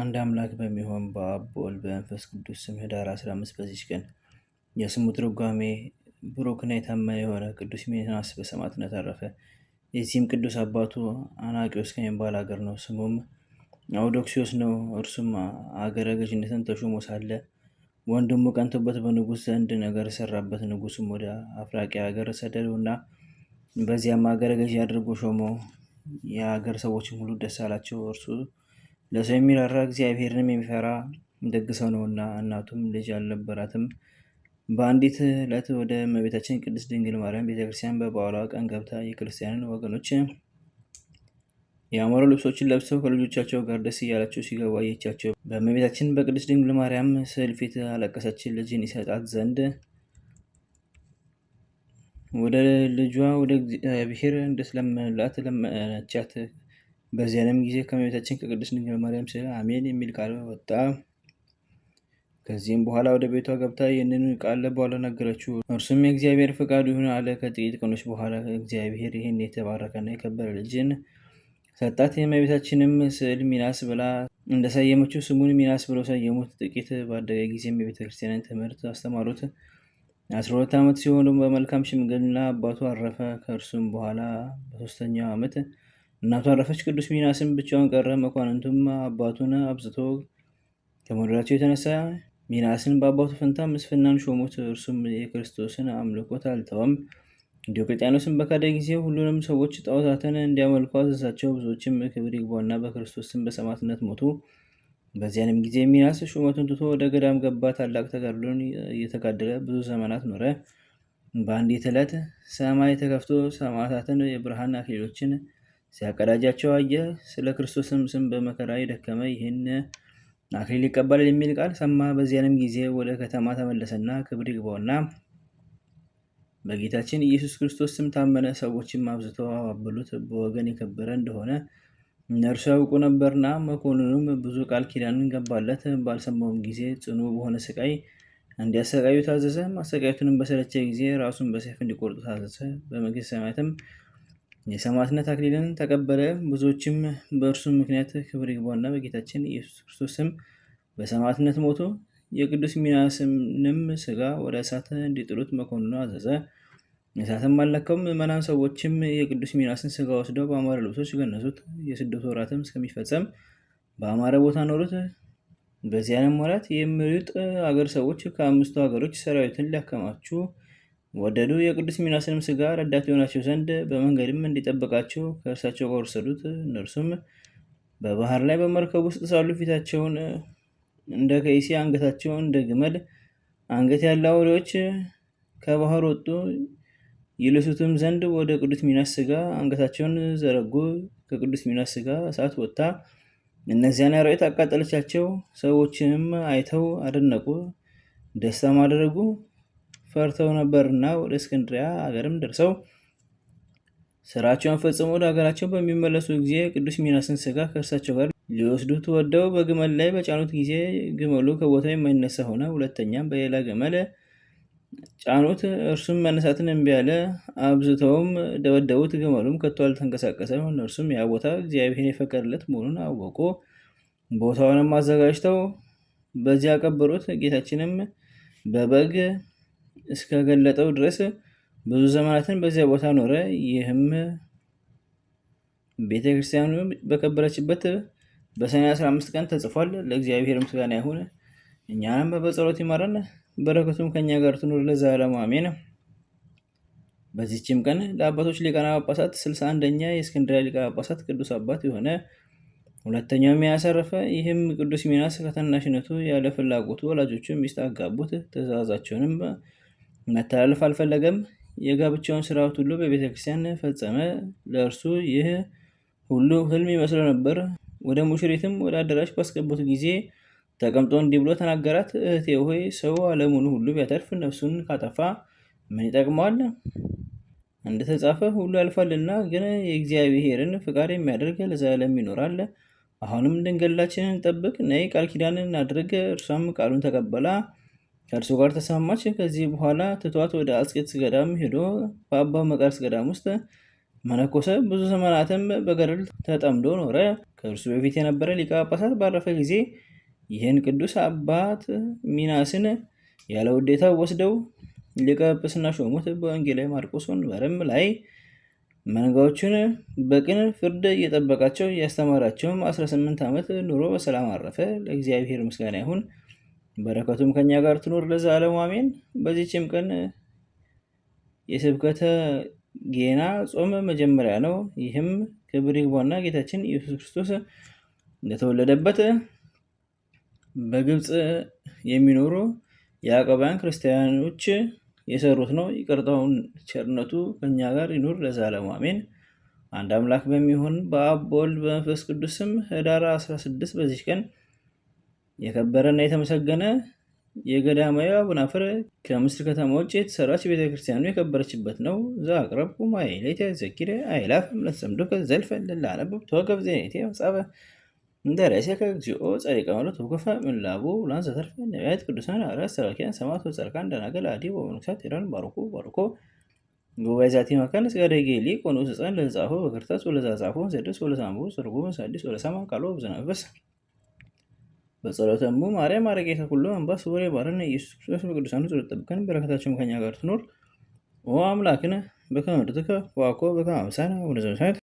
አንድ አምላክ በሚሆን በአብ በመንፈስ ቅዱስ ስም ህዳር 15 በዚች ቀን የስሙ ትርጓሜ ብሩክና የታመነ የሆነ ቅዱስ ሚናስ በሰማዕትነት አረፈ። የዚህም ቅዱስ አባቱ አናቂዎስ ከሚባል ሀገር ነው። ስሙም አውዶክሲዮስ ነው። እርሱም አገረ ገዥነትን ተሾሞ ሳለ ወንድሙ ቀንቶበት በንጉሥ ዘንድ ነገር ሰራበት። ንጉሱም ወደ አፍራቂ ሀገር ሰደደው እና በዚያም አገረ ገዢ አድርጎ ሾመው። የሀገር ሰዎችም ሁሉ ደስ አላቸው። እርሱ ለሰው የሚራራ እግዚአብሔርንም የሚፈራ ደግ ሰው ነውና፣ እናቱም ልጅ አልነበራትም። በአንዲት ዕለት ወደ እመቤታችን ቅድስት ድንግል ማርያም ቤተክርስቲያን በበዓሏ ቀን ገብታ የክርስቲያንን ወገኖች ያማሩ ልብሶችን ለብሰው ከልጆቻቸው ጋር ደስ እያላቸው ሲገቡ አየቻቸው። በእመቤታችን በቅድስት ድንግል ማርያም ስዕል ፊት አለቀሰች። ልጅን ይሰጣት ዘንድ ወደ ልጇ ወደ እግዚአብሔር እንደስለመላት ለመነቻት። በዚያንም ጊዜ ከመቤታችን ከቅድስት ድንግል ማርያም ስለ አሜን የሚል ቃል ወጣ። ከዚህም በኋላ ወደ ቤቷ ገብታ ይህንን ቃል ለባሏ ነገረችው። እርሱም የእግዚአብሔር ፈቃዱ ይሁን አለ። ከጥቂት ቀኖች በኋላ እግዚአብሔር ይህን የተባረከና የከበረ ልጅን ሰጣት። የእመቤታችንም ስዕል ሚናስ ብላ እንደሰየመችው ስሙን ሚናስ ብለው ሰየሙት። ጥቂት ባደገ ጊዜም የቤተክርስቲያንን ትምህርት አስተማሩት። አስራ ሁለት ዓመት ሲሆኑ በመልካም ሽምግልና አባቱ አረፈ። ከእርሱም በኋላ በሶስተኛው ዓመት እናቱ አረፈች። ቅዱስ ሚናስም ብቻውን ቀረ። መኳንንቱም አባቱን አብዝቶ ከመውደዳቸው የተነሳ ሚናስን በአባቱ ፈንታ ምስፍናን ሾሙት። እርሱም የክርስቶስን አምልኮት አልተወም። ዲዮቅልጥያኖስን በካደ ጊዜ ሁሉንም ሰዎች ጣዖታትን እንዲያመልኩ አዘዛቸው። ብዙዎችም ክብር ይግባውና በክርስቶስን በሰማዕትነት ሞቱ። በዚያንም ጊዜ ሚናስ ሹመቱን ትቶ ወደ ገዳም ገባ። ታላቅ ተጋድሎን እየተጋደለ ብዙ ዘመናት ኖረ። በአንዲት ዕለት ሰማይ ተከፍቶ ሰማዕታትን የብርሃን አክሊሎችን ሲያቀዳጃቸው አየ። ስለ ክርስቶስም ስም በመከራ የደከመ ይህን አክሊል ይቀበላል የሚል ቃል ሰማ። በዚያንም ጊዜ ወደ ከተማ ተመለሰና ክብር ይግባውና በጌታችን ኢየሱስ ክርስቶስ ስም ታመነ። ሰዎችም አብዝተው አባበሉት፣ በወገን የከበረ እንደሆነ እነርሱ ያውቁ ነበርና። መኮንኑም ብዙ ቃል ኪዳንን ገባለት። ባልሰማውም ጊዜ ጽኑ በሆነ ስቃይ እንዲያሰቃዩ ታዘዘ። ማሰቃየቱንም በሰለቸ ጊዜ ራሱን በሰይፍ እንዲቆርጡ ታዘዘ። በመንግሥተ ሰማያትም የሰማዕትነት አክሊልን ተቀበለ። ብዙዎችም በእርሱ ምክንያት ክብር ይግባውና በጌታችን ኢየሱስ ክርስቶስ ስም በሰማዕትነት ሞቶ የቅዱስ ሚናስንም ስጋ ወደ እሳት እንዲጥሉት መኮንኑ አዘዘ። እሳትም አለከውም። ምዕመናን ሰዎችም የቅዱስ ሚናስን ስጋ ወስደው በአማረ ልብሶች ገነሱት። የስደቱ ወራትም እስከሚፈጸም በአማረ ቦታ ኖሩት። በዚያንም ወራት የምሪጥ አገር ሰዎች ከአምስቱ ሀገሮች ሰራዊትን ሊያከማቹ ወደዱ። የቅዱስ ሚናስንም ስጋ ረዳት የሆናቸው ዘንድ በመንገድም እንዲጠበቃቸው ከእርሳቸው ጋር ወሰዱት። እነርሱም በባህር ላይ በመርከብ ውስጥ ሳሉ ፊታቸውን እንደ ከይሲ አንገታቸውን እንደ ግመል አንገት ያለ አውሬዎች ከባህር ወጡ። ይልሱትም ዘንድ ወደ ቅዱስ ሚናስ ስጋ አንገታቸውን ዘረጉ። ከቅዱስ ሚናስ ስጋ እሳት ወጥታ እነዚያን አራዊት አቃጠለቻቸው። ሰዎችንም አይተው አደነቁ፣ ደስታም አደረጉ። ፈርተው ነበርና ወደ እስክንድሪያ ሀገርም ደርሰው ስራቸውን ፈጽመው ወደ ሀገራቸው በሚመለሱ ጊዜ ቅዱስ ሚናስን ስጋ ከእርሳቸው ጋር ሊወስዱት ወደው በግመል ላይ በጫኑት ጊዜ ግመሉ ከቦታው የማይነሳ ሆነ። ሁለተኛም በሌላ ገመል ጫኑት፣ እርሱም መነሳትን እምቢ አለ። አብዝተውም ደበደቡት፣ ግመሉም ከቶ አልተንቀሳቀሰም። እነርሱም ያ ቦታ እግዚአብሔር የፈቀደለት መሆኑን አወቁ። ቦታውንም አዘጋጅተው በዚያ ቀበሩት። ጌታችንም በበግ እስከገለጠው ድረስ ብዙ ዘመናትን በዚያ ቦታ ኖረ። ይህም ቤተ ክርስቲያኑ በከበረችበት በሰኔ 15 ቀን ተጽፏል። ለእግዚአብሔር ምስጋና ይሁን፣ እኛንም በጸሎት ይማረን፣ በረከቱም ከኛ ጋር ትኑር ለዘላለሙ አሜን። በዚችም ቀን ለአባቶች ሊቃነ ጳጳሳት ስልሳ አንደኛ የእስክንድሪያ ሊቀ ጳጳሳት ቅዱስ አባት የሆነ ሁለተኛው ሚናስ ይህም ቅዱስ ሚናስ ከታናሽነቱ ያለ ፍላጎቱ ወላጆቹ ሚስት አጋቡት። ትእዛዛቸውንም መተላለፍ አልፈለገም። የጋብቻውን ስርዓት ሁሉ በቤተ ክርስቲያን ፈጸመ። ለእርሱ ይህ ሁሉ ህልም ይመስለው ነበር። ወደ ሙሽሪትም ወደ አዳራሽ ባስገቡት ጊዜ ተቀምጦ እንዲህ ብሎ ተናገራት። እህቴ ሆይ ሰው ዓለሙን ሁሉ ቢያተርፍ ነፍሱን ካጠፋ ምን ይጠቅመዋል? እንደተጻፈ ሁሉ ያልፋልና፣ ግን የእግዚአብሔርን ፍቃድ የሚያደርግ ለዘላለም ይኖራል። አሁንም ድንግልናችንን ጠብቅ፣ ነይ ቃል ኪዳን እናድርግ። እርሷም ቃሉን ተቀበላ። ከእርሱ ጋር ተስማማች። ከዚህ በኋላ ትቷት ወደ አስቄትስ ገዳም ሄዶ በአባ መቃርስ ገዳም ውስጥ መነኮሰ። ብዙ ዘመናትም በገድል ተጠምዶ ኖረ። ከእርሱ በፊት የነበረ ሊቀ ጳጳሳት ባረፈ ጊዜ ይህን ቅዱስ አባት ሚናስን ያለ ውዴታ ወስደው ሊቀ ጵጵስና ሾሙት። በወንጌላዊ ማርቆስ ወንበርም ላይ መንጋዎቹን በቅን ፍርድ እየጠበቃቸው እያስተማራቸውም 18 ዓመት ኑሮ በሰላም አረፈ። ለእግዚአብሔር ምስጋና ይሁን። በረከቱም ከኛ ጋር ትኖር ለዘላለሙ አሜን። በዚችም ቀን የስብከተ ጌና ጾም መጀመሪያ ነው። ይህም ክብር ይግባውና ጌታችን ኢየሱስ ክርስቶስ እንደተወለደበት በግብፅ የሚኖሩ የአቀባያን ክርስቲያኖች የሰሩት ነው። ይቅርታውን ቸርነቱ ከኛ ጋር ይኑር ለዘላለሙ አሜን። አንድ አምላክ በሚሆን በአብ በወልድ በመንፈስ ቅዱስም ህዳር 16 በዚች ቀን የከበረና የተመሰገነ የገዳማዊ አቡነ አፍረ ከምስር ከተማ ውጭ የተሰራች ቤተክርስቲያኑ የከበረችበት ነው። ዘአቅረብኩ ማይሌት ዘኪረ አይላፍ ምለሰምዶከ ዘልፈ ከዘልፈ ልላለብብ ተወከብ ዜኔቴ መጻፈ እንደረሴ ከግዚኦ ጸሪቀ ማለት ወከፈ ምላቡ ላንሰ ተርፈ ነቢያት ቅዱሳን አራት ሰባኪያን ሰማቶ ወጸርካን ደናገል አዲ ወመንኩሳት ሄዳን ባርኮ ባርኮ ጉባኤ ዛቲ መካን ስጋደጌ ሊቆኑ ህፃን ለዛፎ በክርታስ ወለዛ ወለዛዛፎ ስድስት ወለሳምቦ ስርጉ ሳዲስ ወለሰማ ቃሎ ብዘናበስ በጸሎተ በጸሎተሙ ማርያም ማረ ሁሉ አምባ ስቡሬ ባረነ ኢየሱስ ክርስቶስ በቅዱሳኑ ጸሎት ጠብቀን፣ በረከታቸውም ከእኛ ጋር ትኖር። ኦ አምላክነ በከመ ምሕረትከ ዋኮ በከመ አበሳነ ወደ ዘበሰማያት